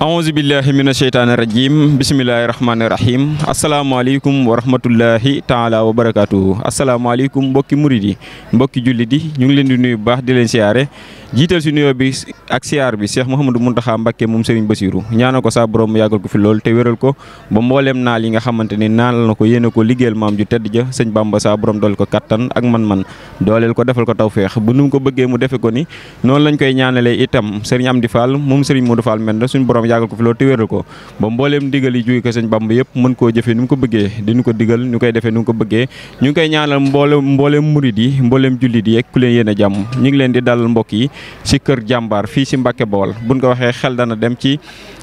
a awuzu billahi mina sheytaani rajim bisimilahi rahmaani rahim asalaamaaleykum wa rahmatullahi taala wa barakaatu asalaamaaleykum mbokki murid mbokki jullit yi ñu ngi leen di nuyu bu baax di leen siyaare jiital si nuyoo bi ak siyaar bi Cheikh Mouhamadou Mountakha Mbacké moom Serigne Bassirou ñaanal ko saa borom mu yàggal ko fi lool te wéral ko ba mbooleem naal yi xamante ni naanal na ko yéene ko liggéeyal maam ju tedd ja sëñ Bamba saa borom ko kattan ak man-man ko defal ko tawféex bu nu mu ko bëggee mu defe ko ni noonu lañ koy ñaanalee itam Serigne Amdi Fall moom Serigne Modou Fall suñu borom yàggal ko fi lool te wéral ko ba mbooleem digal yi jóge ko sëñ Bamba yëpp mën koo jëfee ni mu ko bëggee di ko digal ñu koy defee ni mu ko bëggee ñu ngi koy ñaanal mbooleem mbooleem murid yi mbooleem jullit yi ak ku leen yéene jàmm ñu ngi leen di dalal mbokk yi si kër jàmbaar fii si Mbacke Bawol buñ ko waxee xel dana dem ci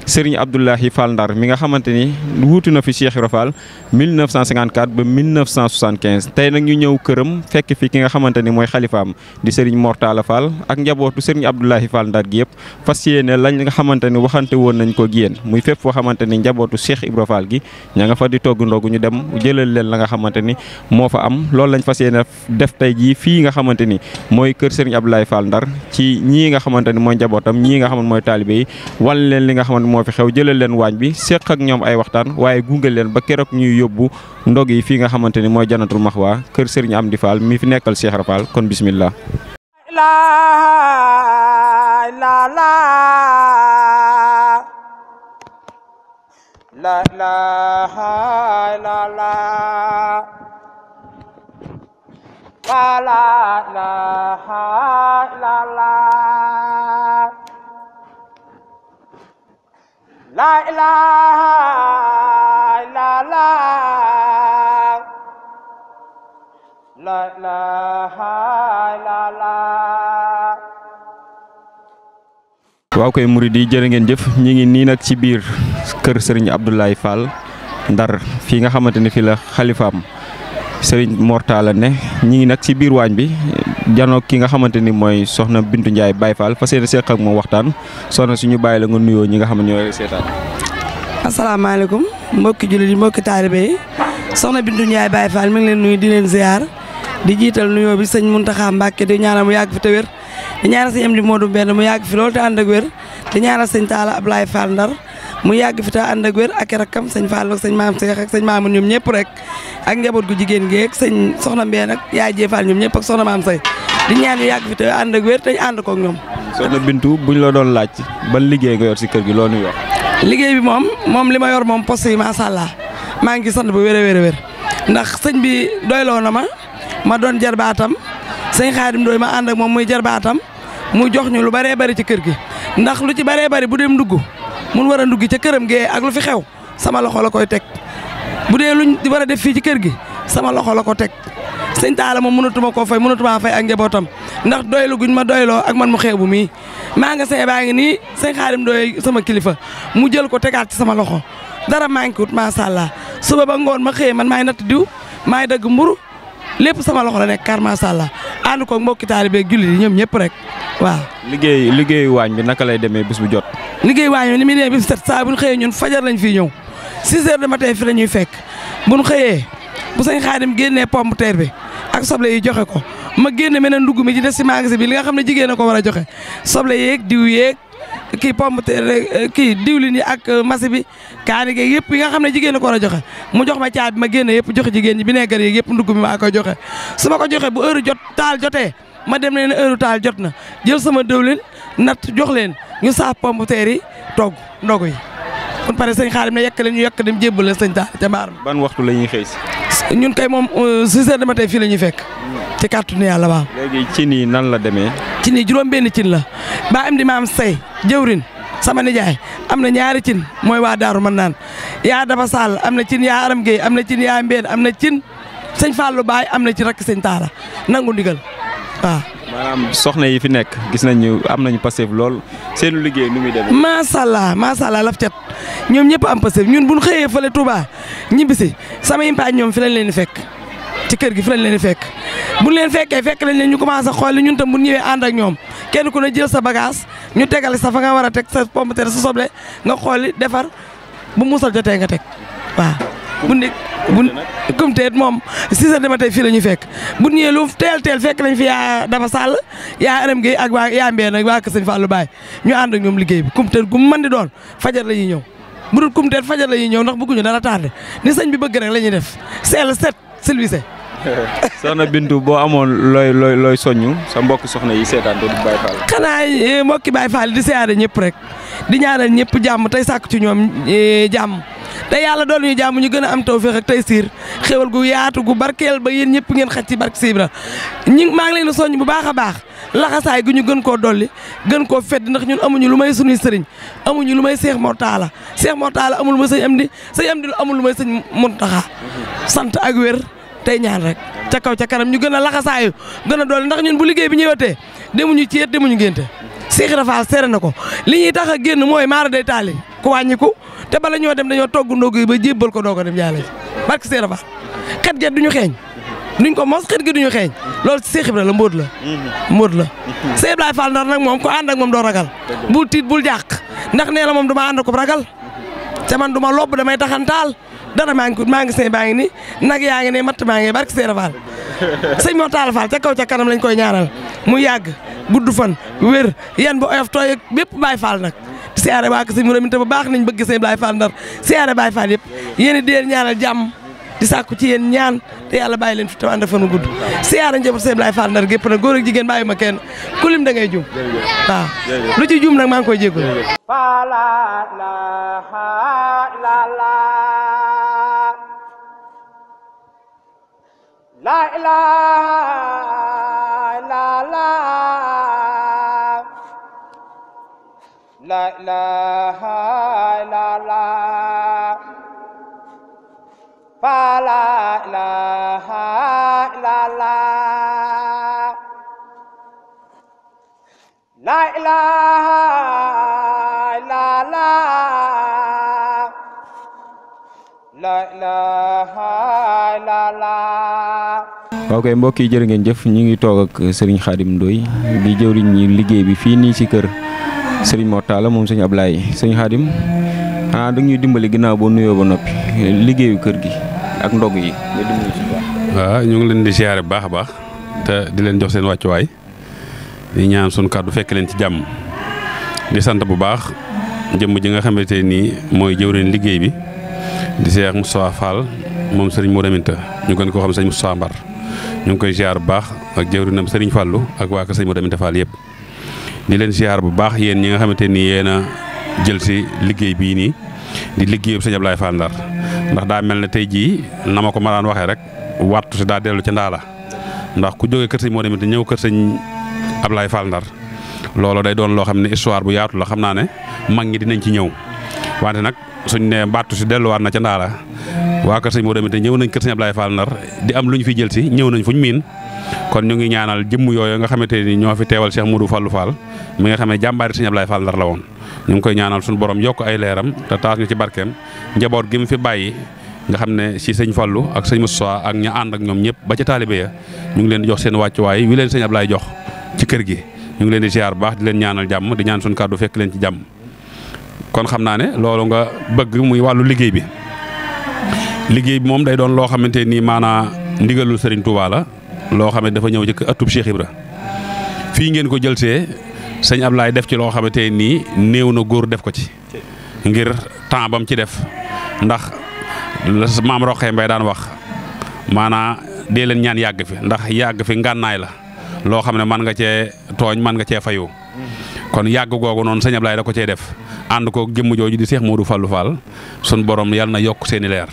Serigne Abdoulahi Fall Ndar mi nga xamante ni wuutu na fi Cheikh Ibra Fall 1954 ba 1975 tey nag ñu ñëw këram fekk fi ki nga xamante ni mooy xalifaam di Serigne Mortala Fall ak njabootu Serigne Abdoulahi Fall Ndar gi yëpp fas yéene lañ nga xamante ni waxante woon nañ ko yéen muy fépp foo xamante ni njabootu Cheikh Ibra Fall ña nga fa di togg ndogu ñu dem jëlal leen la nga xamante ni moo fa am loolu lañ fas yéene def tey jii fii nga xamante ni mooy kër Serigne Abdoulahi Ndar ci ñii nga xamante ni mooy njabootam ñii nga xamante mooy taalibe yi wal li nga xamante moo fi xew jëlal leen waañ bi séq ak ñoom ay waxtaan waaye gunge leen ba keroog ñuy yóbbu ndog yi fii nga xamante ni mooy janatul maxwa kër sëriñ di Fall mi fi nekkal Cheikh Rafal kon bismillah la ilaha illallah la la ilaha illallah koy murid yi ngeen jëf ñi ngi nii nag ci biir kër sëriñ Abdoulaye Fall Ndar fii nga xamante ni fii la xalifaam Serigne Mortala ne ñi ngi nag ci biir waañ bi janoo ki nga xamante ni mooy soxna Bintu njaay Baye Fall fas yéene seq ak moom waxtaan soxna suñu bàyyi la nga nuyoo ñi nga xam ne ñoo seetaan. asalaamaaleykum mbokki jullit yi mbokki taalibe yi soxna Bintu Ndiaye Baye Fall mi ngi leen nuyu di leen ziar di jiital nuyoo bi sëñ Mountakha Mbacké di ñaana mu yàgg fi te wér di ñaanal sëñ Amdi Modou Mbène mu yàgg fi loolu te ànd ak wér di ñaanal sëñ Ndar mu yàgg fi ta ànd ak wér ak rakkam sëñ Fallou ak sëñ maam Seex ak sëñ maamun ñoom ñëpp rek ak njaboot gu jigéen gi ak sëñ soxna Mbeen ak yaay Jee ñoom ñëpp ak soxna maam say di ñaan yu yàgg fi ta ànd ak wér te ànd ko ak ñoom soxna Bintu buñ la doon laaj ban liggéey nga yor si kër gi loo nuy wax liggéey bi moom moom li ma yor moom poste yi macha allah maa ngi sant bu wér a wér a ndax sëñ bi doyloo na ma ma doon jarbaatam sëñ Xaadim doy ma ànd ak moom muy jarbaatam mu jox ñu lu baree bari ci kër gi ndax lu ci baree bari bu dem dugg mun war a ndugg ca këram gee ak lu fi xew sama loxo la koy teg bu dee luñ di war a def fii ci kër gi sama loxo la ko teg sëñ Talla moom mënatuma koo fay mënatuma fay ak njabootam ndax doylu guñ ma doyloo ak man mu xew bu mii maa nga see baa ngi nii sëñ xaarim doy sama kilifa mu jël ko tegaat ci sama loxo dara maa ngi ko wut macha allah suba ba ngoon ma xëyee man maay natt diw maay dagg mburu lépp sama loxo la nekk kàr macha allah ko mbokki taalibe ak jullit yi ñoom ñëpp rek waaw. liggéey liggéeyu waañ bi naka lay demee bis bu jot. liggéey waañ bi ni muy demee bis bu set saa bu ñu xëyee ñun fajar lañ fiy ñëw 6 heures de matin fi la ñuy fekk bu ñu xëyee bu sañ xaadim génnee pomme terre bi ak soble yi joxe ko ma génne meneen ndugg mi ci des si magasin bi li nga xam ne jigéen a ko war a joxe soble yeeg diw yeeg kii pomme eh, kii diwlin yi ak eh, masi bi kaani geeg yëpp yi nga xam ne jigéen di ko war a joxe mu jox ma caabi ma génn yëpp joxe jigéen ñi vinaigre yeeg yëpp ndugg bi maa koy joxe su ma ko joxe bu heure jot taal jotee ma dem leen heure taal jot na jël sama diwlin nat jox leen ñu saaf pomme terre yi togg ndogu yi kon pare sëñ xaalim ne yekk la ñu yekk dem jébbal la sëñ taal ca ma ban waxtu la ñuy xëy si ñun kay moom euh, six heures de matin fii la ñuy fekk ci kàttanu yàlla waaw léegi cin nii nan la demee cin yi juróom benn cin la ba am di maam say jëwrin sama nijaay am na ñaari cin mooy waa daaru man naan yaa dafa sall am na cin yaa aram géey am na cin yaa mbeen am na cin sëñ Fallou baay am na ci rakk sëñ Taala nangu ndigal maanaam soxna yi fi nekk gis nañu am nañu passif lool seen liggéey nu muy demee. macha allah macha allah laf cat ñoom ñëpp am passif ñun bu ñu xëyee fële Touba ñibbisi sama impaañ ñoom fi lañ leen di fekk ci kër gi fi lañ leen fekk bu ñu leen fekkee fekk lañ leen ñu commencé xool ñun tam bu ñu ñëwee ànd ak ñoom kenn ku ne jël sa bagage ñu tegale sa fa nga war a teg sa pomme de terre sa soble nga xooli defar bu musal jotee nga teg waaw. bu nit kumteet moom six heures dama tey fii la ñu fekk bu ñëwee lu teel teel fekk nañ fi yaa dafa sàll yaa aram gi ak waa yaa mbeen ak waa Kër Sëñ Fallou ñu ànd ak ñoom liggéey bi kumteet gu mën di doon fajar la ñuy ñëw bu dul kumteet fajar la ñuy ñëw ndax bëgguñu dara tardé ni sëñ bi bëgg rek la ñuy def seel set silvisé soxna Bintu boo amoon looy looy looy soññu sa mbokk soxna yi seetaan doo di Baye Fall. xanaa eh, mbokki Baye Fall di seeyaare ñëpp rek di ñaanal ñëpp jàmm tey sàkk ci eh, te yàlla dool ñu jàmm ñu gën a am tawféex ak taysiir xéwal gu yaatu gu barkeel ba yéen ñëpp ngeen xaj ci barke Sibra ñi maa la leen di soññ bu baax a baax laxasaay gu ñu gën koo dolli gën koo fedd ndax ñun amuñu lu may suñuy sëriñ amuñu lu may Seex Mortala Seex Mortala amul lu may sëñ Amdi sëñ Amdi amul lu may sëñ Muntaxa sant ak wér tey ñaan rek ca kaw ca kanam ñu gën a laxasaayu gën a dolli ndax ñun bu liggéey bi ñëwatee demuñu ci yet demuñu génte Seex Rafaal seere na ko li ñuy tax a génn mooy maara day taali ku wàññiku te bala ñoo dem dañoo togg ndog yi ba jébbal ko doo ko dem jaale barke Seydou Ba xet ge duñu xeeñ nuñ ko mos xet gi duñu xeeñ loolu Seex Ibra la mbóot la mbóot la Seex Ibra Fall Ndar nag moom ko ànd ak moom doo ragal bul tiit bul jàq ndax nee la moom duma ànd ko ragal te man duma lobb damay taxantaal dara maa ngi maa ngi sëy baa ngi ni nag yaa ngi ne matt maa ngi barke Seex Ibra Fall sëñ moo taal Fall ca kaw ca kanam lañ koy ñaaral mu yàgg gudd fan wér yan ba bépp Baay Fall nag siyaare waa Kassim Mourame te bu baax nañ bëgg sëñ Baye Fall Ndar siyaare Baye Fall yëpp yéen di leen a jàmm di sàkku ci yéen ñaan te yàlla bàyyi leen fi te ànd siyaare njaboot sëñ Baye Fall Ndar gépp nag góor ak jigéen bàyyi ma kenn ku lim da ngay juum waaw lu ci juum nag maa koy jéggul la ilaha illallah fa la ilaha illallah la ilaha illallah la ilaha illallah waaw kay mbokk yi jërë ngeen jëf ñu ngi toog ak Serigne Khadim Ndoye di jëwriñ ñi liggéey bi fii nii ci kër sëriñ Mor la moom sëñ Ablaye sëñ Xaadim xanaa ah, da ñuy dimbali ginnaaw boo nuyoo ba noppi liggéeyu kër gi ak ndog yi nga ah, ñu ngi leen di siyaare bu baax a baax te di leen jox seen wàccuwaay di ñaan suñu kàddu fekk leen ci jàmm di sant bu baax jëmm ji nga xamante nii mooy jëwriñ liggéey bi di Cheikh Moustapha Fall moom sëriñ moo Aminta ñu gën ko xam sëriñ Moustapha Mbar ñu ngi koy siyaar bu baax ak jëwriñam sëriñ Fallou ak waa ka sëriñ Modou Aminta Fall yëpp. di leen siyaar bu baax yéen ñi nga xamante ni yéen a jël si liggéey bii nii di liggéeyub sëñ Ablaye Fall Ndar ndax mel ne tey jii na ma ko ma daan waxee rek wattu daa dellu ca ndaala ndax ku jóge kër sëñ moo demee te ñëw kër sëñ Ablaye Fall Ndar loolu day doon loo xam ne histoire bu yaatu la xam naa ne mag ñi dinañ ci ñëw wante nag suñ ne mbattu si delluwaat na ca ndaala waa kër sëñ moo demee te ñëw nañ kër sëñ Ablaye Ndar di am lu ñu fi jël si ñëw nañ fuñ miin kon ñu ngi ñaanal jëmm yooyu nga xamante ni ñoo fi teewal Cheikh mu du fallu mi nga xam ne jàmbaari Serigne Abdoulaye Fall Ndar la woon ñu ngi koy ñaanal suñu borom yokk ay leeram te taas ñu ci barkeem njaboot gi mu fi bàyyi nga xam ne si sëñ Fallou ak sëñ Moussa ak ña ànd ak ñoom ñëpp ba ci taalibe ya ñu ngi leen di jox seen wàccuwaay wi leen sëñ Abdoulaye jox ci kër gi ñu ngi leen di ziar baax di leen ñaanal jàmm di ñaan suñu kàddu fekk leen ci jàmm kon xam naa ne loolu nga bëgg muy wàllu liggéey bi liggéey bi moom day doon loo xamante ni maanaa ndigalul Serigne Touba la loo xam ne dafa ñëw jëkk atub Cheikh ra fii ngeen ko jëlsee sëñ laay def ci loo xamante nii néew na góor def ko ci ngir temps bam ci def ndax la maam Roqee Mbay daan wax maanaa dee leen ñaan yàgg fi ndax yàgg fi ngànnaay la loo xam ne man nga cee tooñ man nga cee fayu kon yàgg googu noonu sëñ Ablaye da ko cee def ànd ko jëmm jooju di Seex Moodu Fallu Fall sun borom yàlla na yokk seeni leer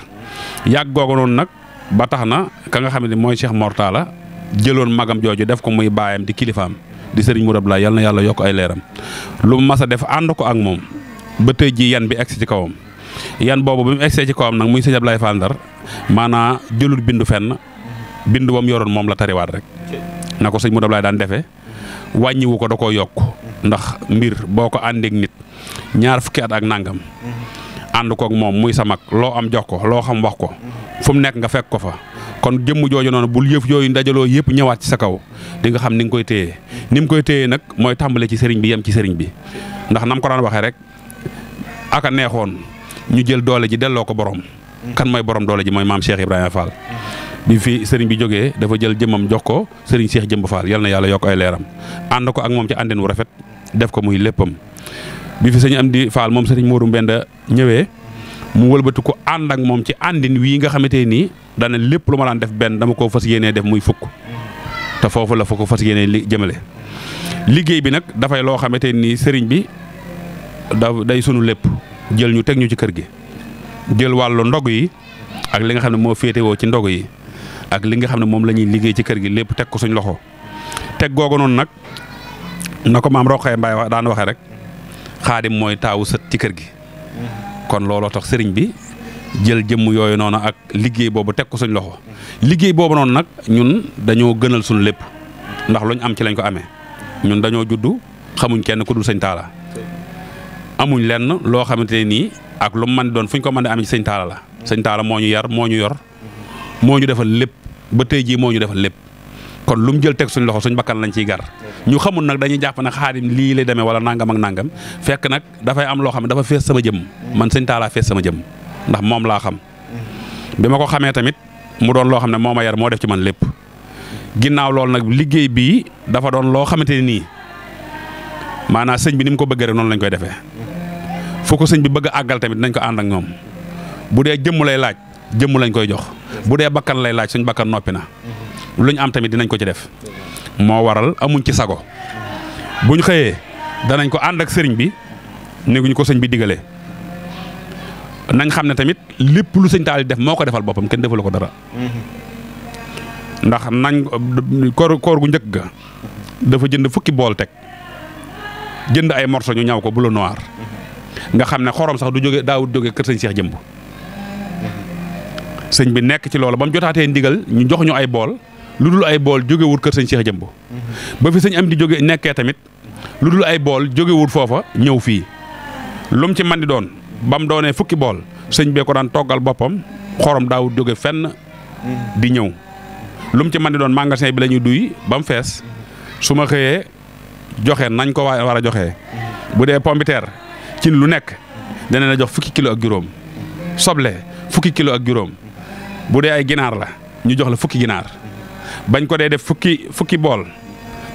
yàgg googu noonu nag ba tax na ka nga xam ne mooy Seex Mortala jëloon magam jooju def ko muy baayam di kilifaam di sëriñ Mourad Abdoulaye yal na yàlla yokk ay leeram lu mu mas a def ànd ko ak moom ba tey ji yan bi egs ci kawam yan boobu bi mu egsee ci kawam nag muy sëñ Abdoulaye Fall Ndar maanaa jëlul bindu fenn bindu ba mu yoroon moom la tariwaat rek na ko sëñ Mourad Abdoulaye daan defee wàññiwu ko da ko yokk ndax mbir boo ko àndeek nit ñaar fukki at ak nangam ànd kook moom muy sa mag loo am jox ko loo xam wax ko fu nekk nga fekk ko fa. kon jëmm jooju noonu bul yëf yooyu ndajaloo yëpp ñëwaat ci sa kaw di nga xam ni nga koy téye ni koy téye nag mooy tàmbale ci sëriñ bi yem ci sëriñ bi ndax nam ko daan waxee rek aka neexoon ñu jël doole ji delloo ko borom. kan mooy borom doole ji mooy maam Cheikh Ibrahima Fall. bi fi sëriñ bi jógee dafa jël jëmmam jox ko sëriñ Cheikh Jëmb Fall yal na yàlla yokk ay leeram ànd ko ak moom ci àndin wu rafet def ko muy léppam bi fi sëñ Amdi Fall moom sëriñ mu wëlbati ko ànd ak moom ci àndin wii nga xamante nii dana lépp lu ma daan def benn dama ko fas yéenee def muy fukk te foofu la fa ko fas yéenee li jëmale liggéey bi nag dafay loo xamante nii sëriñ bi da day sunu lépp jël ñu teg ñu ci kër gi jël wàllu ndog yi ak li nga xam ne moo féetewoo ci ndogu yi ak li nga xam ne moom la ñuy liggéey ci kër gi lépp teg ko suñ loxo teg googu noonu nag na ko maam Roqaye Mbaye wax daan waxee rek xaadim mooy taawu sët ci kër gi kon looloo tax sëriñ bi jël jëmm yooyu noonu ak liggéey boobu teg ko suñ loxo liggéey boobu noonu nag ñun dañoo gënal suñu lépp ndax luñ am ci lañ ko amee ñun dañoo juddu xamuñ kenn kuddu dul sëñ taala amuñ lenn loo xamante ne nii ak lu man doon fu ñu ko mën a amee ci sëñ taala la sëñ taala moo ñu yar moo ñu yor moo ñu defal lépp ba tey jii moo ñu defal lépp kon lu mu jël teg suñ loxo suñ bakkan lañ ciy gar ñu xamul nag dañuy jàpp ne xaadim lii lay demee wala nangam ak nangam fekk nag dafay am loo xam ne dafa fees sama jëm man sëñ taalaa sama jëm ndax moom laa xam bi ma ko xamee tamit mu doon loo xam ne moom ma yar moo def ci man lépp ginnaaw loolu nag liggéey bii dafa doon loo xamante ne nii maanaa sëñ bi ni mu ko bëggee rek noonu lañ koy defee fu sëñ bi bëgg a àggal tamit nañ ko ànd ak ñoom bu dee jëmm lay laaj jëmm lañ koy jox bu dee bakkan lay laaj suñ bakkan noppi na lu am tamit dinañ ko ci def moo waral amuñ ci sago buñ xëyee danañ ko ànd ak sëriñ bi néeguñ ko sëñ bi digale nañ xam ne tamit lépp lu sëñ taal def moo ko defal boppam kenn defalu ko dara ndax nañ koor gu njëkk ga dafa jënd fukki bool teg jënd ay morso ñu ñaw ko bleu noir nga xam ne xorom sax du jóge daawut jóge kër sëñ Cheikh jëmb sëñ bi nekk ci loolu ba mu jotaatee ndigal ñu jox ñu ay bool lu dul ay bool jógewul kër sëñ Cheikh Jëmb ba fi sëñ am di jóge nekkee tamit lu dul ay bool jógewul foofa ñëw fii lum ci man di doon ba mu doonee fukki bool sëñ bee ko daan toggal boppam xorom daawut jóge fenn di ñëw lum ci man di doon magasin bi la duy ba mu fees su ma xëyee joxe nañ ko waa war a joxe bu dee pompiteer ci lu nekk dana la jox fukki kilo ak juróom soble fukki kilo ak juróom bu dee ay ginaar la ñu jox la fukki ginaar bañ ko dee def fukki fukki bool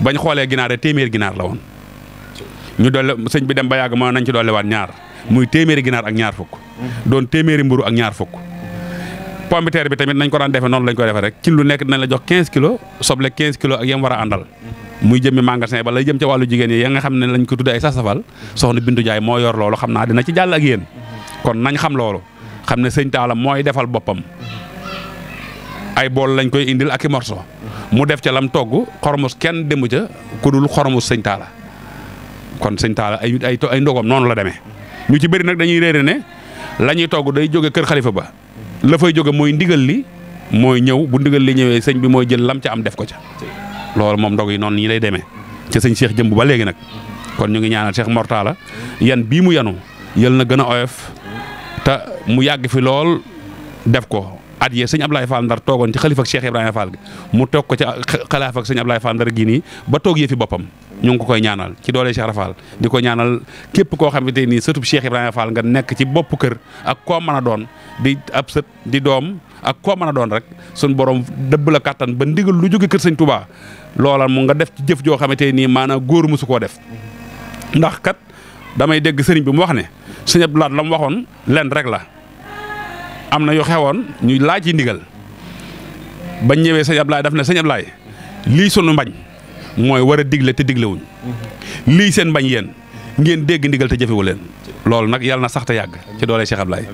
bañ xoolee ginaar rek téeméeri ginaar la woon ñu doole sëñ bi dem ba yàgg moo nañ ci doolewaat ñaar muy téeméeri ginaar ak ñaar fukk doon téeméeri mburu ak ñaar fukk pombiteer bi tamit nañ ko daan defee noonu lañ ko defee rek ci lu nekk dina la jox 15 kilos soble 15 kilos ak yam war a àndal muy jëmmi magasin ba lay jëm ca wàllu jigéen yi ya nga xam ne lañ ko tuddee ay sasafal soxna Bintu Jaay moo yor loolu xam naa dina ci jàll ak yéen kon nañ xam loolu xam ne sëñ Talla mooy defal boppam ay bool lañ koy indil ak morso mu def ca lam togg xormus kenn demu ca ku xoromus xormus sëñ taala kon sëñ taala ay ay ay ndogam noonu la demee ñu ci bëri nag dañuy réere ne la ñuy togg day jóge kër xalifa ba la fay jóge mooy ndigal li mooy ñëw bu ndigal li ñëwee sëñ bi mooy jël lam ca am def ko ca loolu moom ndog yi noonu ñi lay demee ca sëñ Cheikh jëmb ba léegi nag kon ñu ngi ñaanal Cheikh Mortala yan bii mu yenu yël na gën a oyof te mu yàgg fi lool def ko at yee sëñ Ablaye Fall Ndar toogoon ci xalifa ak Cheikh Ibrahima Fall mu toog ko ci xalaaf ak sëñ Ablaye Fall Ndar gii nii ba toog yëfi boppam ñu ngi ko koy ñaanal ci doole Cheikh Rafal di ko ñaanal képp koo xamante ni sëtub Cheikh Ibrahima Fall nga nekk ci bopp kër ak koo mën a doon di ab sët di doom ak koo mën a doon rek suñ borom dëbb la kattan ba ndigal lu jóge kër sëñ Touba loola mu nga def ci jëf joo xamante nii maanaam góor musu koo def ndax kat damay dégg sëriñ bi mu wax ne sëñ Abdoulaye la mu waxoon lenn rek la. am na yu xewoon ñu laaj yi ndigal bañ ñëwee sëñ Ablaye daf na sëñ Ablaye lii sunu mbañ mooy war a digle te wuñ lii seen mbañ yéen ngeen dégg ndigal te jëfewu leen loolu nag yàlla na sax te yàgg ci doole Cheikh Ablaye.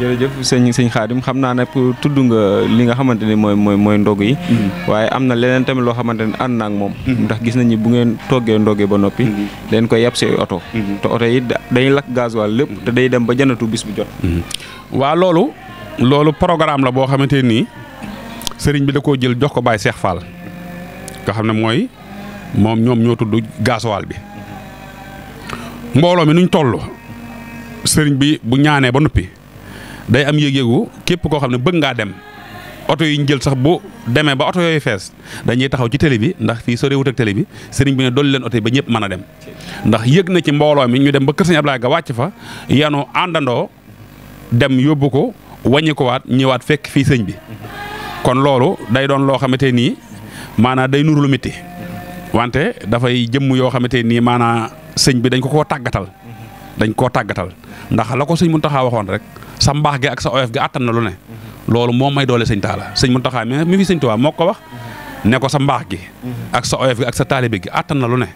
jërëjëf sëñ sëñ Xaadim xam naa ne pour tudd nga li nga xamante mooy mooy mooy ndog yi. Mm-hmm. waaye am na leneen tamit loo xamante ni ànd na ak moom. Mm-hmm. ndax gis nañu bu ngeen toggee ndogee ba noppi. leen mm-hmm. koy yàpp si oto. te oto yi dañuy lakk gasoil lépp te day dem ba janatu bis bu jot. waa loolu loolu programme la boo xamante nii sëriñ bi da koo jël jox ko Baye Cheikh Fall nga xam ne mooy moom ñoom ñoo tudd gasoil bi mbooloo mi nuñ toll sëriñ bi bu ñaanee ba noppi day am yëg-yëgu képp koo xam ne bëgg ngaa dem oto yi ñu jël sax bu demee ba oto yooyu fees dañuy taxaw ci télé bi ndax fii soriwut ak télé bi sëriñ bi ne doolu leen oto yi ba ñëpp mën a dem ndax yëg na ci mbooloo mi ñu dem ba kër sëñ nga ga wàcc fa yanu àndandoo dem yóbbu ko wàññi ko waat ñëwaat fekk fii sëñ bi kon loolu day doon loo xamante nii maanaam day nuru lu métti wante dafay jëmm yoo xamante nii maanaam sëñ bi dañ ko koo tàggatal dañ koo tàggatal ndax la ko sëñ mun Muntaxa waxoon rek sa mbaax gi ak sa oyof gi àttan na lu ne loolu moo may doole sëñ Taala sëñ Muntaxa mi mi fi sëñ moo ko wax ne ko sa mbaax gi ak sa oyof ak sa taalibe gi àttan na lu ne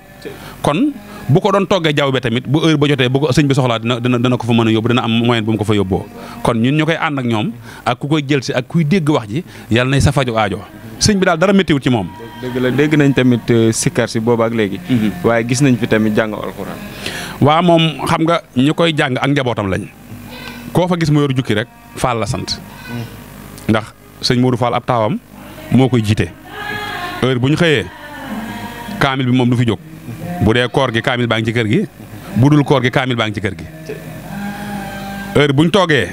kon bu ko doon toggee jaw bi tamit bu heure ba jotee bu ko sëñ bi soxlaa dina dina dana ko fa mën a yóbbu dina am moyen bu mu ko fa yóbboo kon ñun ñu koy ànd ak ñoom ak ku koy jël si ak kuy dégg wax ji yàlla nay sa fajo aajo sëñ bi daal dara méttiwut ci moom. dëgg la dégg nañ tamit euh, sikkar si boobu ak léegi. Mhm. waaye gis nañ fi tamit jàng alxuraan. waa moom xam nga ñu koy jàng ak njabootam lañ koo fa gis mu yor jukki rek Fall la sant mhm. ndax sëñ Modou Fall ab taawam moo koy jiite bu ñu xëyee kaamil bi moom du fi jóg. bu dee koor gi kaamil baa ngi ci kër gi bu dul koor gi kaamil baa ngi ci kër gi heure bu toogee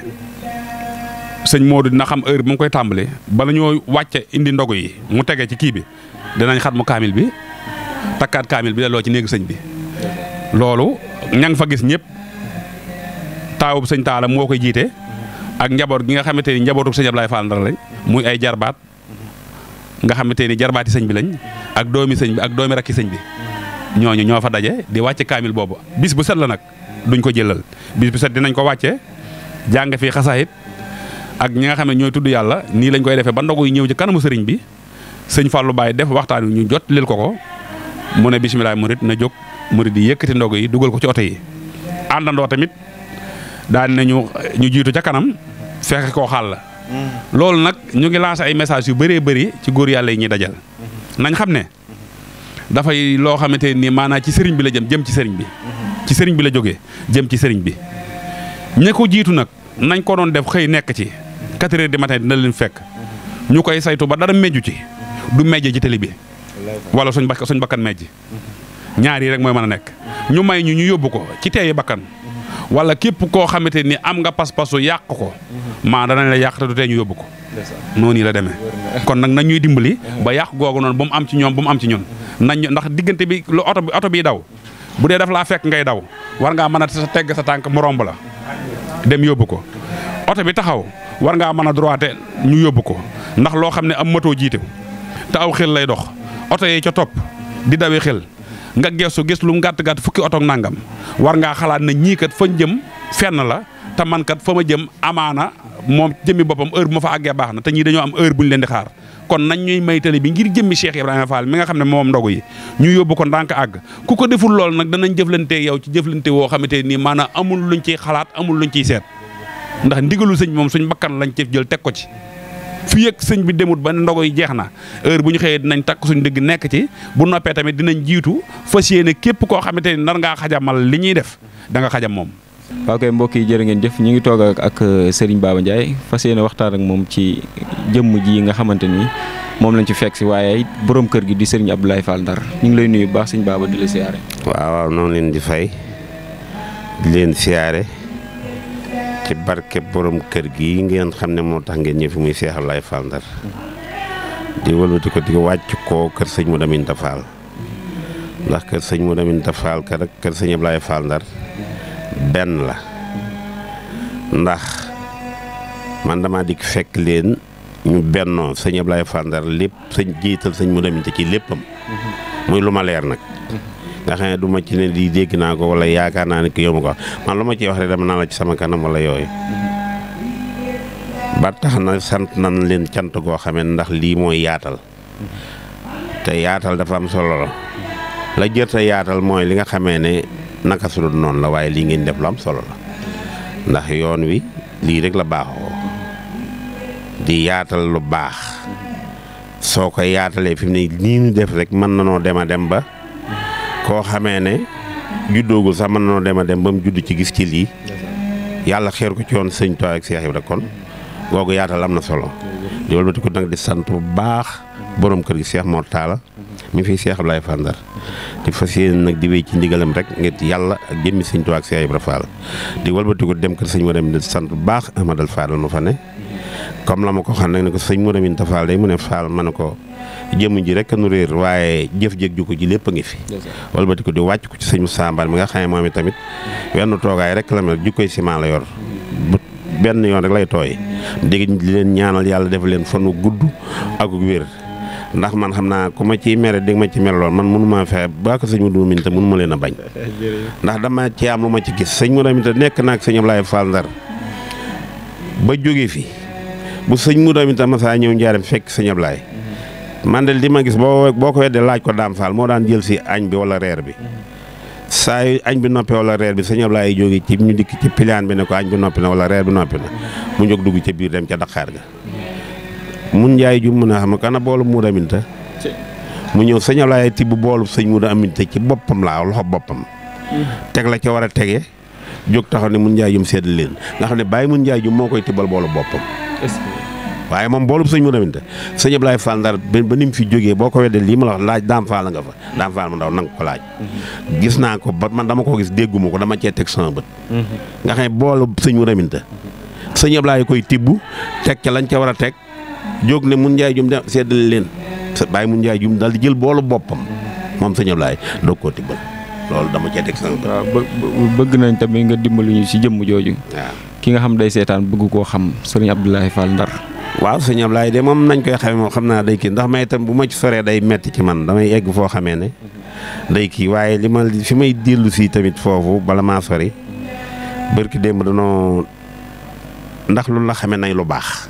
sëñ Modou dina xam heure bi mu koy tàmbali bala ñoo wàcce indi ndogu yi mu tege ci kii bi danañ xat mu kaamil bi takkaat kaamil bi delloo ci néegu sëñ bi loolu ña nga fa gis ñëpp bu sëñ Taala moo koy jiite ak njaboot gi nga xamante ni njabootu sëñ Ablaye Fall Ndar lañ muy ay jarbaat nga xamante ni jarbaati sëñ bi lañ ak doomi sëñ bi ak doomi rakki sëñ bi ñooñu ñoo fa daje di wàcce kaamil boobu bis bu set la nag duñ ko jëlal bis bu set dinañ ko wàccee jàng fii xasaayit ak ñi nga xam ne ñooy tudd yàlla nii lañ koy defee ba ndogu yi ñëw ci kanamu sëriñ bi sëñ Fallou baay def waxtaan wi ñu jot lil ko ko mu ne bisimilah murit na jóg murit yi yëkkati ndogu yi dugal ko ci oto yi. àndandoo tamit daan nañu ñu jiitu ca kanam ko koo la mm. loolu nag ñu ngi lancé ay message yu bëree bëri ci góor yàlla yi ñuy dajal mm-hmm. dafay loo xamante nii maanaa ci sëriñ bi la jëm jëm ci sëriñ bi. ci sëriñ bi la jógee jëm ci sëriñ bi ña ko jiitu nag nañ ko doon def xëy nekk ci 4 heures du matin dina leen fekk ñu koy saytu ba dara mejju ci du mejje ci télé bi wala suñ bakkan mejj. ñaar yi rek mooy mën a nekk ñu may ñu ñu yóbbu ko ci teeyi bakkan wala képp koo xamante ni am nga pas-pasu yàq ko maa danañ la yàq te du tee ñu yóbbu ko noonu yi la demee kon nag nañ ñuy dimbali ba yàq googu noonu ba mu am ci ñoom ba mu am ci ñoom nañ ndax diggante bi lu oto bi oto biy daw bu dee def laa fekk ngay daw war ngaa mën a sa tegg sa tànk mu romb la dem yóbbu ko oto bi taxaw war ngaa mën a droite ñu yóbbu ko ndax loo xam ne am matoo jiite te aw xel lay dox oto yi ca topp di dawe xel nga geesu gis lu mu gàtt gàtt fukki oto nangam war ngaa xalaat na ñii kat fañ jëm fenn la te man kat fa ma jëm amaana moom jëmmi boppam heure bu ma fa àggee baax na te ñii dañoo am heure bu ñu leen di xaar. kon nañ ñuy may tali ngir jëmmi Cheikh Ibrahima Fall mi nga xam ne moom ndogu yi ñu yóbbu ko ndànk àgg ku ko deful lool nag danañ jëflante yow ci jëflante woo xamante nii maanaam amul luñ ciy xalaat amul luñ ciy seet ndax ndigalu sëñ moom suñ bakkan lañ ci jël teg ko ci fi yëg sëñ bi demut ba ndogo yi jeex na heure bu ñu xëyee dinañ takk suñ digg nekk ci bu noppee tamit dinañ jiitu fas yéene képp koo xamante ni nar ngaa xajamal li ñuy def danga nga xajam moom. waaw kay mbokk yi jërë ngeen jëf ñu ngi toog ak euh, sëriñ Baba Ndiaye fas yéene waxtaan ak moom ci jëmm ji nga xamante ni moom lañ ci fekk si waaye borom kër gi di sëriñ Abdoulaye Fall Ndar ñu ngi lay nuyu bu baax sëñ Baba di la siyaare. waaw noonu leen di fay di leen siyaare ci barke borom kër gi ngeen xam ne moo tax ngeen ñëw fi muy seexal Ablaay Fall Ndar di wëlbati ko di wàcc ko kër sëñ Modou Aminta Fall ndax kër sëñ Modou Aminta Fall kër sëñ Ablaay Fall Ndar benn la ndax man damaa dikk fekk leen ñu bennoo sëñ Ablaay Fall Ndar lépp sëñ jiital sëñ Modou Aminta ci léppam muy lu ma leer nag nga xam du ma ci ne lii dégg naa ko wala yaakaar naa ne ki yow ma man lu ma ciy wax rek dama naa la ci sama kanam wala yooyu. ba tax na sant nan leen cant goo xamee ndax lii mooy yaatal. te yaatal dafa am solo la la jërte yaatal mooy li nga xamee ne naka su dul noonu la waaye lii ngeen def lu am solo la ndax yoon wi lii rek la baaxoo di yaatal lu baax soo ko yaatalee fi mu ne nii ñu def rek mën na noo dem a dem ba. koo xamee ne juddoogul sax man na noo dem a dem ba mu judd ci gis ci lii yàlla xeer ko ci yoon sëñ Tuubaa ak Seex Ibra kon am na solo di walbatiku nag di sant bu baax borom kër gi Seex Mor Talla mi fi Seex Ablaay Fàndar fas yéene nag di wéy ci ndigalam rek ngir yàlla ak jëmmi sëñ Tuubaa ak Seex Ibra Faal di walbatiku dem kër sëñ Mourami di sant bu baax Amadal Faal ma fa ne comme la ma ko xam nag ne ko sëñ Mourami Tafal day mu ne Faal ma ne ko jëmm ji rek nu réer waaye jëf jéeg ju ko ji lépp a ngi fi walbati ko di wàcc ko ci sëñ Moussa Mbar mi nga xam ne moom tamit wenn toogaay rek la mel jukkoy ciment la yor benn yoon rek lay tooy dégg di leen ñaanal yàlla def leen fanu gudd ak wér ndax man xam naa ku ma ciy mere dégg ma ci mere lool man mënu maa fexe ba ko sëñ Modou Aminta mënu ma leen a bañ ndax dama ci am lu ma ci gis sëñ Modou Aminta nekk na ak sëñ Ablaye Fall Ndar ba jóge fi bu sëñ Modou Aminta masaa ñëw njaareem fekk sëñ man de li ma gis boo boo ko weddee laaj ko daam faal moo daan jël si añ bi wala reer bi saa añ bi noppee reer bi sëñ Ablaye jóge ci ñu dikk ci pilaan bi ne ko añ bi noppi na wala reer bi noppi na mu jóg dugg ca biir dem ca daqaar ga mun njaay ju mën a xam kana boolu muur aminta mu ñëw sëñ Ablaye tibb boolu sëñ muur aminta ci boppam laa loxo boppam teg la ca war a tege jóg taxaw ne mun njaay jum sedd leen nga xam ne bàyyi mun njaay jum moo koy tibbal boolu boppam waaye moom boolub sëñ Modou Aminta sëñ Ablaye Fall Ndar ba ni mu fi jógee boo ko weddee lii ma la wax laaj daam faala nga fa daam faal ma ndaw nanga ko laaj gis naa ko ba man dama ko gis dégguma ko dama cee teg sama bët nga xam ne boolub sëñ Modou Aminta sëñ Ablaye koy tibb teg ca lañ ca war a teg jóg ne mun njaay jum de seddale leen baay mun njaay jum daal di jël boolu boppam moom sëñ Ablaye doog koo tibbal loolu dama cee teg sama bët waaw bëgg nañ tamit nga dimbali ñu si jëmm jooju ki nga xam day seetaan bëgg koo xam sëriñ Abdoulaye Fall Ndar waaw sëñ Ablaye de moom nañ koy xamee moom xam naa day kii ndax may itam bu ma ci soree day metti ci man damay egg foo xamee ne day kii waaye li ma fi may dellu si tamit foofu bala maa sori bërki démb danoo ndax lu la xamee nay lu baax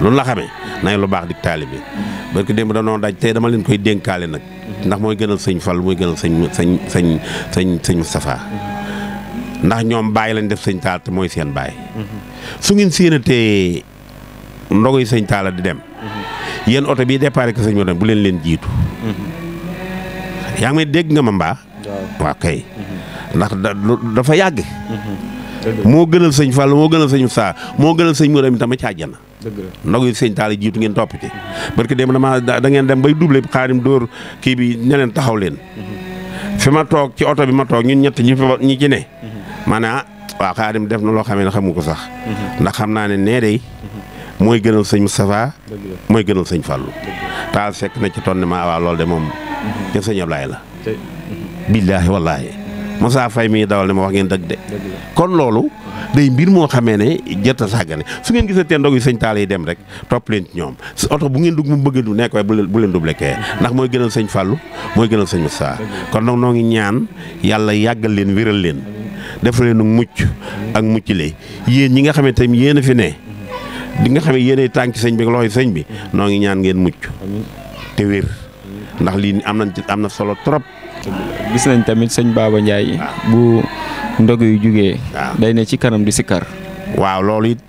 lu la xamee nay lu baax di taalibe bërki démb danoo daj tey dama leen koy dénkaale nag ndax mooy gënal sëñ fal mooy gënal sëñ sëñ sëñ sëñ sëñ Moustapha ndax ñoom bàyyi lañ def sëñ taal te mooy seen bàyyi su ngeen séenatee ndogo yi sëñ Talla di dem. yéen oto bii déparé ko sëñ ma dem bu leen leen jiitu. yaa ngi may dégg nga ma mbaa. waaw kay. ndax dafa yàgg. moo gënal sëñ Fall moo gënal sëñ Moussa moo gënal sëñ Modou Aminta ma ci àjjana. dëgg la ndog yi sëñ Talla jiitu ngeen topp ci. parce que dem dama da ngeen dem bay doublé xaarim dóor kii bi ne taxaw leen. fi ma toog ci oto bi ma toog ñun ñett ñi fi ñi ci ne. Mhm. maanaam ah, waaw xaarim def na loo xamee ne xamu ko sax. Mhm. ndax xam naa ne nee day mooy gënal sëñ Moustapha mooy sëñ Fallou sekk na ci tonne maa ah, waa lool de moom ca mm-hmm. sëñ Ablaye la billaahi wallaahi Moussa Faye mii dawal ne ma wax ngeen dëgg de kon loolu day mbir moo xamee ne jërta sàggane su ngeen gisatee ndog yi sëñ taal yi dem rek topp leen ci ñoom oto bu ngeen dugg mu bëgg du nekk waaye bu leen dublekee mm-hmm. ndax mooy gënal sañ fallu mooy gënal sëñ Moustapha kon nag noo ngi ñaan yàlla yàggal leen wéral leen def leen mucc ak mucc le yéen ñi nga xamante ni yéen a fi di nga xamee yéenay tànk sëñ bi ak loxoy sëñ bi mm-hmm. noo ngi ñaan ngeen mucc te wér ndax lii am nañ am na solo trop. gis nañ tamit sëñ Baba Ndiaye. bu ndog yu jugee. day ne ci kanam di kar waaw loolu it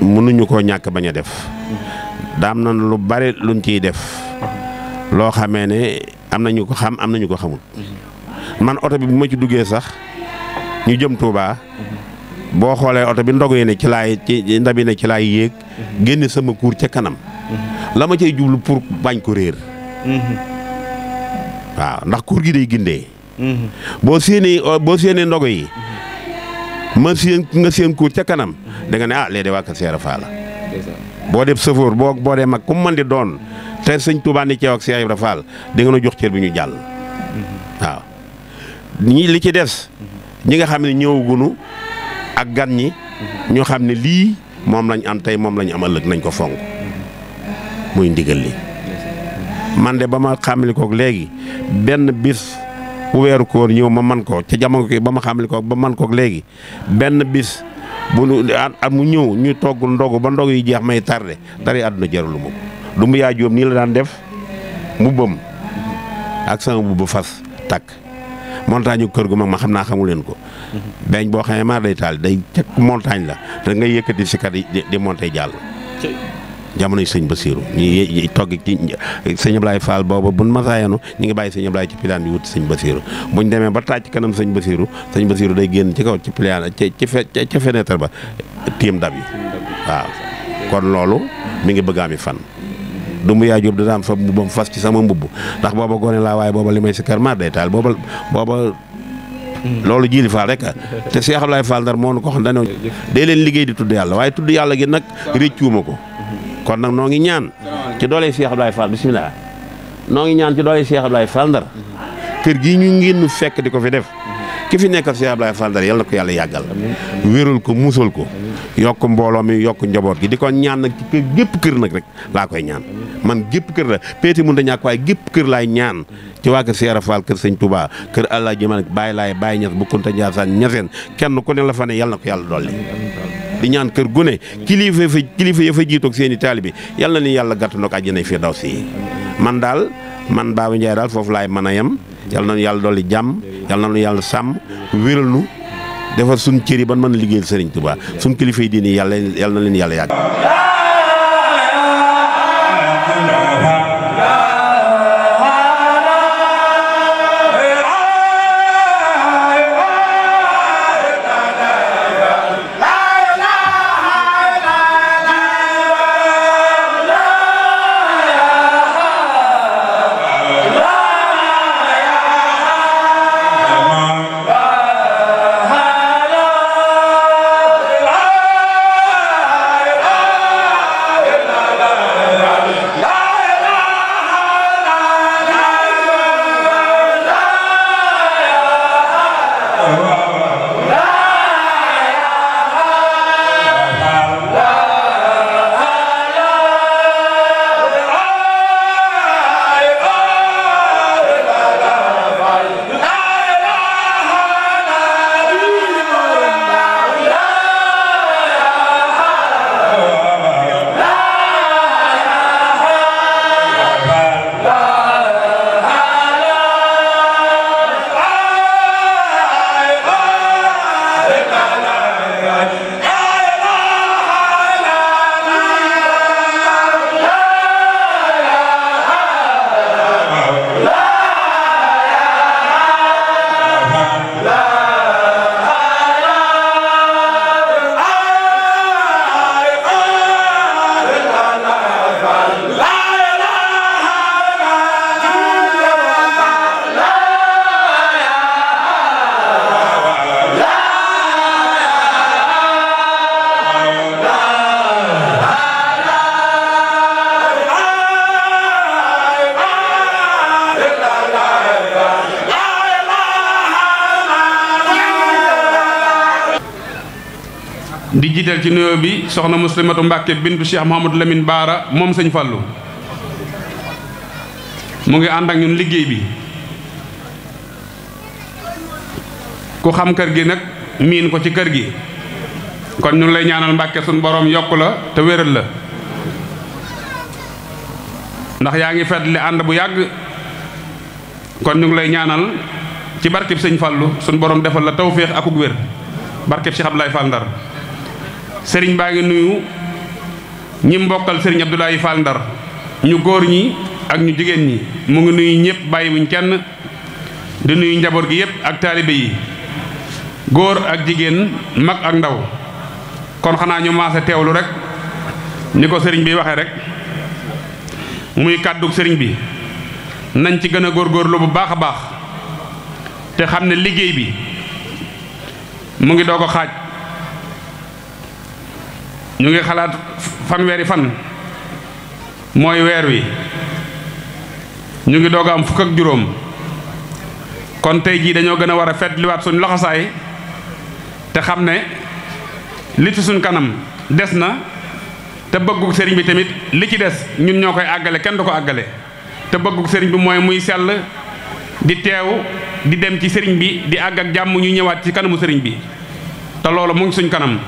mënuñu koo ñàkk bañ a def. Mm-hmm. daam na lu bari luñ ciy def. loo xamee ne am nañu ko xam am nañu ko xamul. Mm-hmm. man oto bi bu ma ci duggee sax ñu jëm tuubaa boo xoolee oto bi ndog yi ne ci laay ci ndab yi ne ci laay yéeg génne sama kuur ca kanam la ma cay jublu pour bañ ku réer waaw ndax kuur gi day gindee boo séenee boo séenee ndogo yi ma séen nga séen kuur ca kanam da nga ne ah léegi waa Kër Seera Faa boo def safoor boo boo dee mag ku man di doon te sëñ Tuubaa ni ceew ak Seex Faal di nga na jox cër bi ñu jàll waaw ñi li ci des ñi nga xam ne ñëwagunu ak gan ñi ñu xam ne lii moom lañ am tey moom lañu am ëllëg nañ ko fonk muy ndigal li man de ba ma xàmmalikook léegi benn bis bu weeru koor ñëw ma man ko ca jamono ki ba ma xàmmalikook ba man kook léegi benn bis bu nu at mu ñëw ñu togg ndogu ba ndog yi jeex may tardé dara àdduna jarul ma ko du mu yaa jóom nii la daan def mbubbam ak sama mbubb fas takk montagne kër gu mag ma xam naa xamu leen ko beeñ boo xamee maar day taal day cëkk montagne la te ngay yëkkati si kat di monté jàll jamonoy sëñ Basiiru ñu togg ci sëñ Ablaay Fall booba buñ masaayanu ñu ngi bàyyi sëñ Ablaay ci pilaan bi wuti sëñ Basiiru buñ demee ba tàcc kanam sëñ Basiiru sëñ Basiiru day génn ci kaw ci pilaan ci ca fenêtre ba tiim dab yi waaw kon loolu mu ngi bëgg ami fan du mu yaay Jóob da daan fa mbubbam fas ci sama mbubb ndax booba gone laa waaye booba li may si kër maar day taal booba booba Mm. loolu jiili faal rek te Cheikh Ablaye Ndar moo nu ko xam dañoo day leen liggéey di tudd yàlla waaye tudd yàlla gi nag réccuuma ko kon nag noo ngi ñaan ci doole Cheikh Ablaye Fall bisimilah noo ngi ñaan ci doole Cheikh Ablaye Fall Ndar kër gi ñu ngeen fekk di ko fi def ki fi nekk si Cheikh Abdoulaye Fall Ndar yal na ko yàlla yàggal wérul ko musal ko yokk mbooloo mi yokk njaboot gi di ko ñaan nag ci kër gépp kër nag rek laa koy ñaan man gépp kër la péeti mun da ñàkk waaye gépp kër laay ñaan ci waa kër Cheikh Fall kër sëñ Touba kër àlla ji man bàyyi laay bàyyi ñas bu kunta Ndiassane ñaseen kenn ku ne la fa ne yal na ko yàlla dolli di ñaan kër gu ne kilifa fa kilifa ya fa jiitoog seen i taalibi yal na ni yàlla gàttandoog àjjana firdawsi man daal man Baba Ndiaye foofu laay mën a yem yal na nu yàlla dolli jàmm yal na nu yàlla sàmm wéral nu defar suñ cër yi ban mën a liggéeyal Sëriñ Tuubaa suñ kilifa yi nii yàlla yal leen yàlla yàgg jiital ci nuyoo bi soxna muslimatu mbàkke bintu cheikh Mouhamadou Lamine Baara moom sëñ Fallou mu ngi ànd ak ñun liggéey bi ku xam kër gi nag miin ko ci kër gi kon ñu ngi lay ñaanal mbàkke suñ boroom yokk la te wéral la ndax yaa ngi fedd li ànd bu yàgg kon ñu ngi lay ñaanal ci barkeb sëñ Fallou suñ borom defal la tawféex akuk wér barkeb Cheikh Abdoulaye Fall Ndar sëriñ baa ngi nuyu ñi mbokkal sëriñ Abdoulaye Fall Ndar ñu góor ñi ak ñu jigéen ñi mu ngi nuyu ñëpp bàyyiwuñ kenn di nuyu njaboot gi yëpp ak taalibe yi góor ak jigéen mag ak ndaw kon xanaa ñu maase teewlu rek ni ko sëriñ bi waxee rek muy kàddug sëriñ bi nañ ci gën a góorgóorlu bu baax a baax te xam ne liggéey bi mu ngi doo ko xaaj ñu ngi xalaat fanweeri fan mooy weer wi ñu ngi doog a am fukk ak juróom kon tey jii dañoo gën a war a fet liwaat suñ laxasaay te xam ne li ci suñ kanam des na te bëggug sëriñ bi tamit li ci des ñun ñoo koy àggale kenn du ko àggale te bëggug sëriñ bi mooy muy sell di teew di dem ci sëriñ bi di àgg ak jàmm ñu ñëwaat ci kanamu sëriñ bi te loolu mu ngi suñ kanam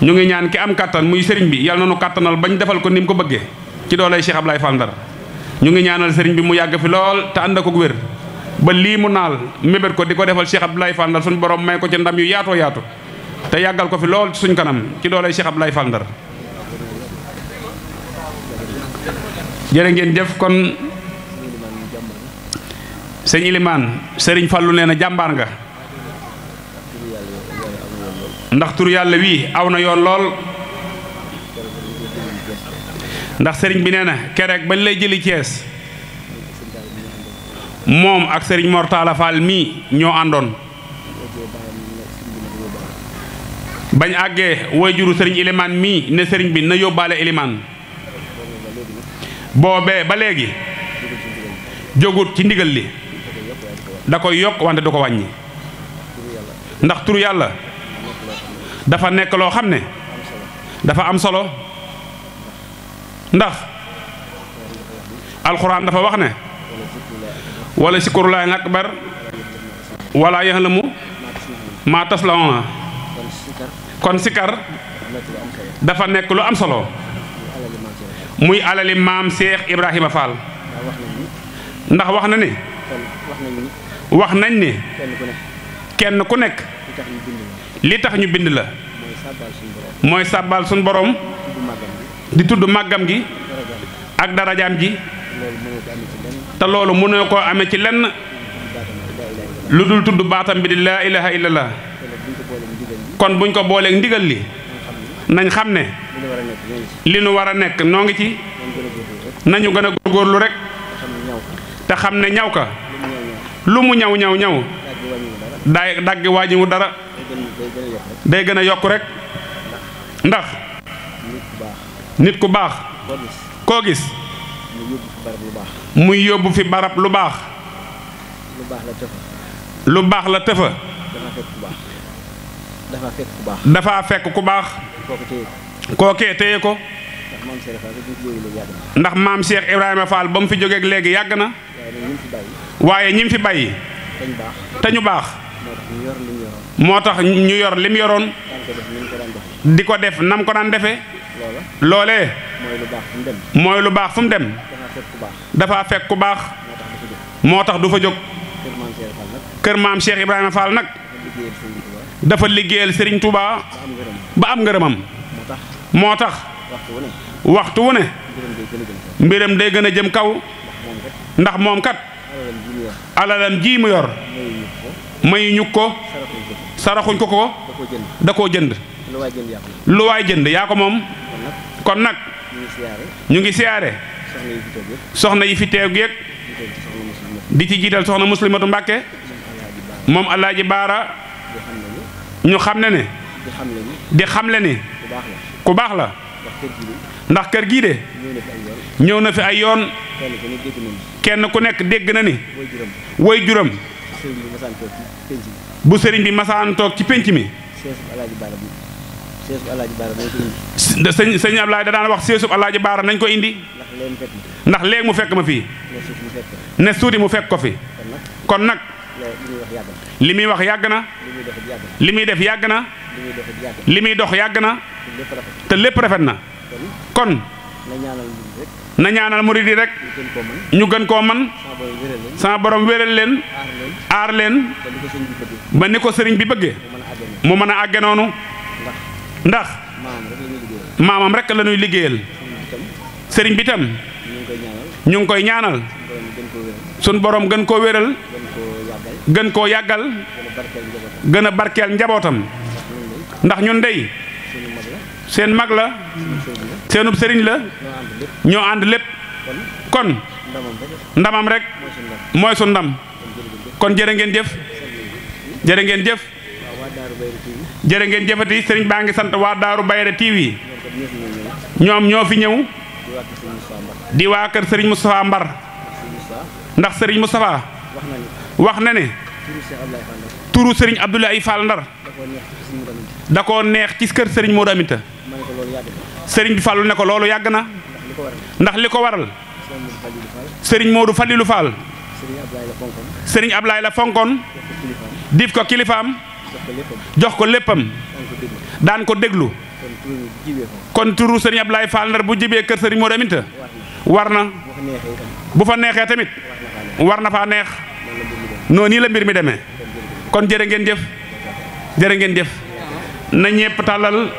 ñu ngi ñaan ki am kàttan muy sëriñ bi yàlla na nu kàttanal bañ defal ko ni mu ko bëggee ci doolay Cheikh Ablaye Fall Ndar ñu ngi ñaanal sëriñ bi mu yàgg fi lool te ànd ak wér ba lii mu naal mébét ko di ko defal Cheikh Abdoulaye Fall Ndar suñu borom may ko ci ndam yu yaatoo yaatu te yàggal ko fi lool suñ kanam ci doolay Cheikh Abdoulaye Fall Ndar jërë ngeen jëf kon sëñ Ilimane sëriñ Fallu nee na jàmbaar nga ndax turu yàlla wii aw na yoon lool ndax sëriñ bi nee na kereeg ba lay jëli Cees moom ak sëriñ Mortala mii ñoo àndoon bañ àggee waajuru sëriñ Ilimaan mii ne sëriñ bi na yóbbaale Ilimaan boobee ba léegi jógut ci ndigal li da koy yokk wante du ko wàññi ndax tur yàlla dafa nekk loo xam ne dafa am solo ndax alxuraan dafa wax ne walla wala sikkurullaahil akbar wala yaxlamu maa taslauna kon sikar dafa nekk lu am solo muy alali maam Cheikh Ibrahima Fall ndax wax na ne wax nañ ne kenn ku nekk li tax ñu bind la mooy sàbbaal suñ boroom di tudd màggam gi ak darajaam ji te loolu mënoo ko amee ci lenn lu dul tudd baatam bi di laa ilaha illallah kon buñ ko booleeg ndigal li nañ xam ne li nu war a nekk noo ngi ci nañu gën a góorgóorlu rek te xam ne ñaw ka lu mu ñaw ñaw ñaw daay daggi wàññiwu dara day gën a yokk rek ndax nit ku baax koo gis muy yóbbu fi barab lu baax lu baax la tëfa dafa fekk ku baax kookee téye ko ndax maam Cheikh Ibrahima Fall ba mu fi jógeek léegi yàgg na waaye ñi mu fi bàyyi te ñu baax moo tax ñu yor lim yoroon di ko def nam ko daan defee loolee mooy lu baax fu mu dem dafa fekk ku baax moo tax du fa jóg kër maam Cheikh Ibrahima Fall nag dafa liggéeyal sëriñ Touba ba am ngërëmam moo tax waxtu wu ne mbiram day gën a jëm kaw ndax moom kat alalam ji mu yor mayuñu ko saraxuñ ko ko da koo jënd lu waay jënd yaa ko moom kon nag ñu ngi siyaare soxna yi fi teew yéeg di ci jiital soxna muslimatu mbàkke moom alaaji baara ñu xam ne ne di xam le ni ku baax la ndax kër gii de ñëw na fi ay yoon kenn ku nekk dégg na ni way juram bu sëriñ bi masaan toog ci penc mi. seesub alaaji baara nañ ko indi. sëñ sëñ Ablaye da daan wax seesub alaaji baara nañ ko indi. ndax léegi mu fekk ma fii. ne suuti mu fekk ko fi. kon nag. li muy wax yàgg na. li muy def yàgg na. li muy dox yàgg na. te lépp rafet na. kon. na ñaanal murid yi rek ñu gën koo man sama borom wéral leen aar leen ba ni ko sëriñ bi bëggee mu mën a àgge noonu ndax maamam rek la liggéeyal sëriñ bi tam ñu ngi koy ñaanal sun borom gën koo wéral gën koo yàggal gën a barkeel njabootam ndax ñun dey seen mag la seenub sëriñ la ñoo ànd lépp kon ndamam rek mooy su ndam kon jërë ngeen jëf jërë ngeen jëf jërë ngeen jëfati sëriñ baa ngi sant waa Daaru Bayre TV ñoom ñoo fi ñëw di waa kër sëriñ Moustapha Mbar ndax sëriñ Moustapha wax na ne turu sëriñ Abdoulaye Fall Ndar da koo neex ci kër sëriñ Modou Aminta sëriñ bi fàllu ne ko loolu yàgg na ndax li ko waral sëriñ Modou Fallilou Fall sëriñ Ablaye la fonkoon dif ko kilifaam jox ko léppam daan ko déglu kon turu sëriñ Ablaye Fall ndar bu jibee kër sëriñ Modou Aminta war na bu fa neexee tamit war na faa neex noonu nii la mbir mi demee kon jërë ngeen jëf jërë ngeen jëf na ñepp tàllal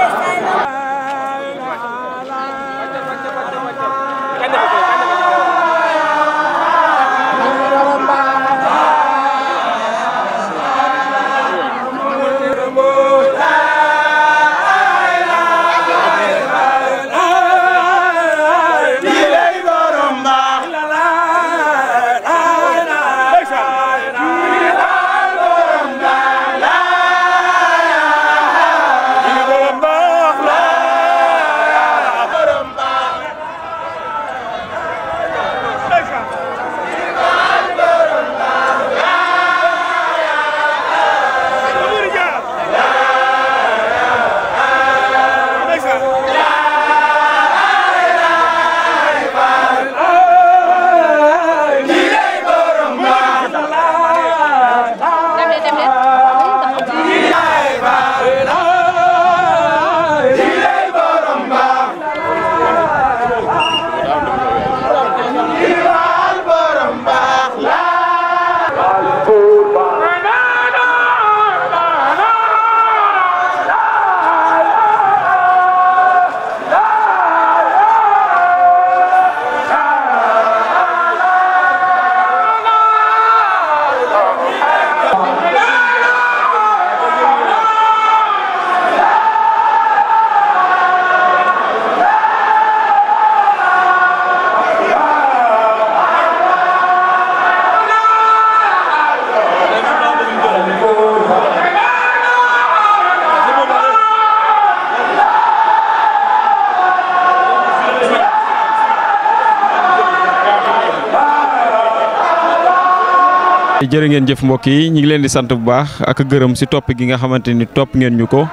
jërë ngeen jëf mbokk yi ñu ngi leen di sant bu baax ak gërëm si topp gi nga xamante ni topp ngeen ñu ko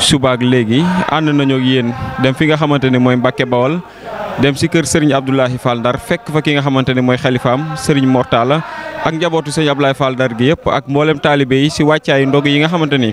subaak léegi ànd nañu ak yéen dem fi nga xamante ni mooy Mbacke Bawal dem si kër Serigne Abdoulahi Fall Ndar fekk fa ki nga xamante ni mooy xalifaam Serigne Mortala ak njabootu sëñ Ablaye Fall Ndar gi yëpp ak mboolem taalibe yi si wàccaayu ndog yi nga xamante ni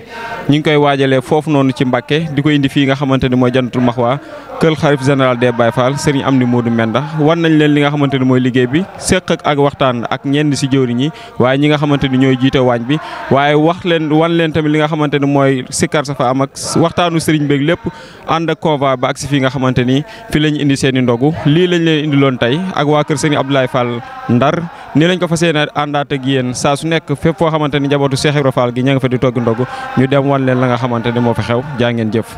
ñu ngi koy waajalee foofu noonu ci Mbàkke di ko indi fii nga xamante ni mooy jantul maxwaa kër xalif général des Baye am sëriñ moo du Menda wan nañ leen li nga xamante ni mooy liggéey bi séq ak waxtaan ak ñenn si jëwriñ yi waaye ñi nga xamante ni ñooy jiite waañ bi waaye wax leen wan leen tamit li nga xamante ni mooy sikkar sa fa am ak waxtaanu sëriñ beeg lépp ànd ak convoi ba ak si fii nga xamante ni fi lañ indi seen i ndogu lii lañ leen indiloon tey ak waa kër sëriñ Ablaye Fall Ndar ni lañ ko fas yéene àndaat ak yéen saa su nekk fépp foo xamante ni njabootu Cheikh Ibra gi ña nga fa di togg ndogg ñu dem wan leen la nga xamante ni moo fa xew jaa ngeen jëf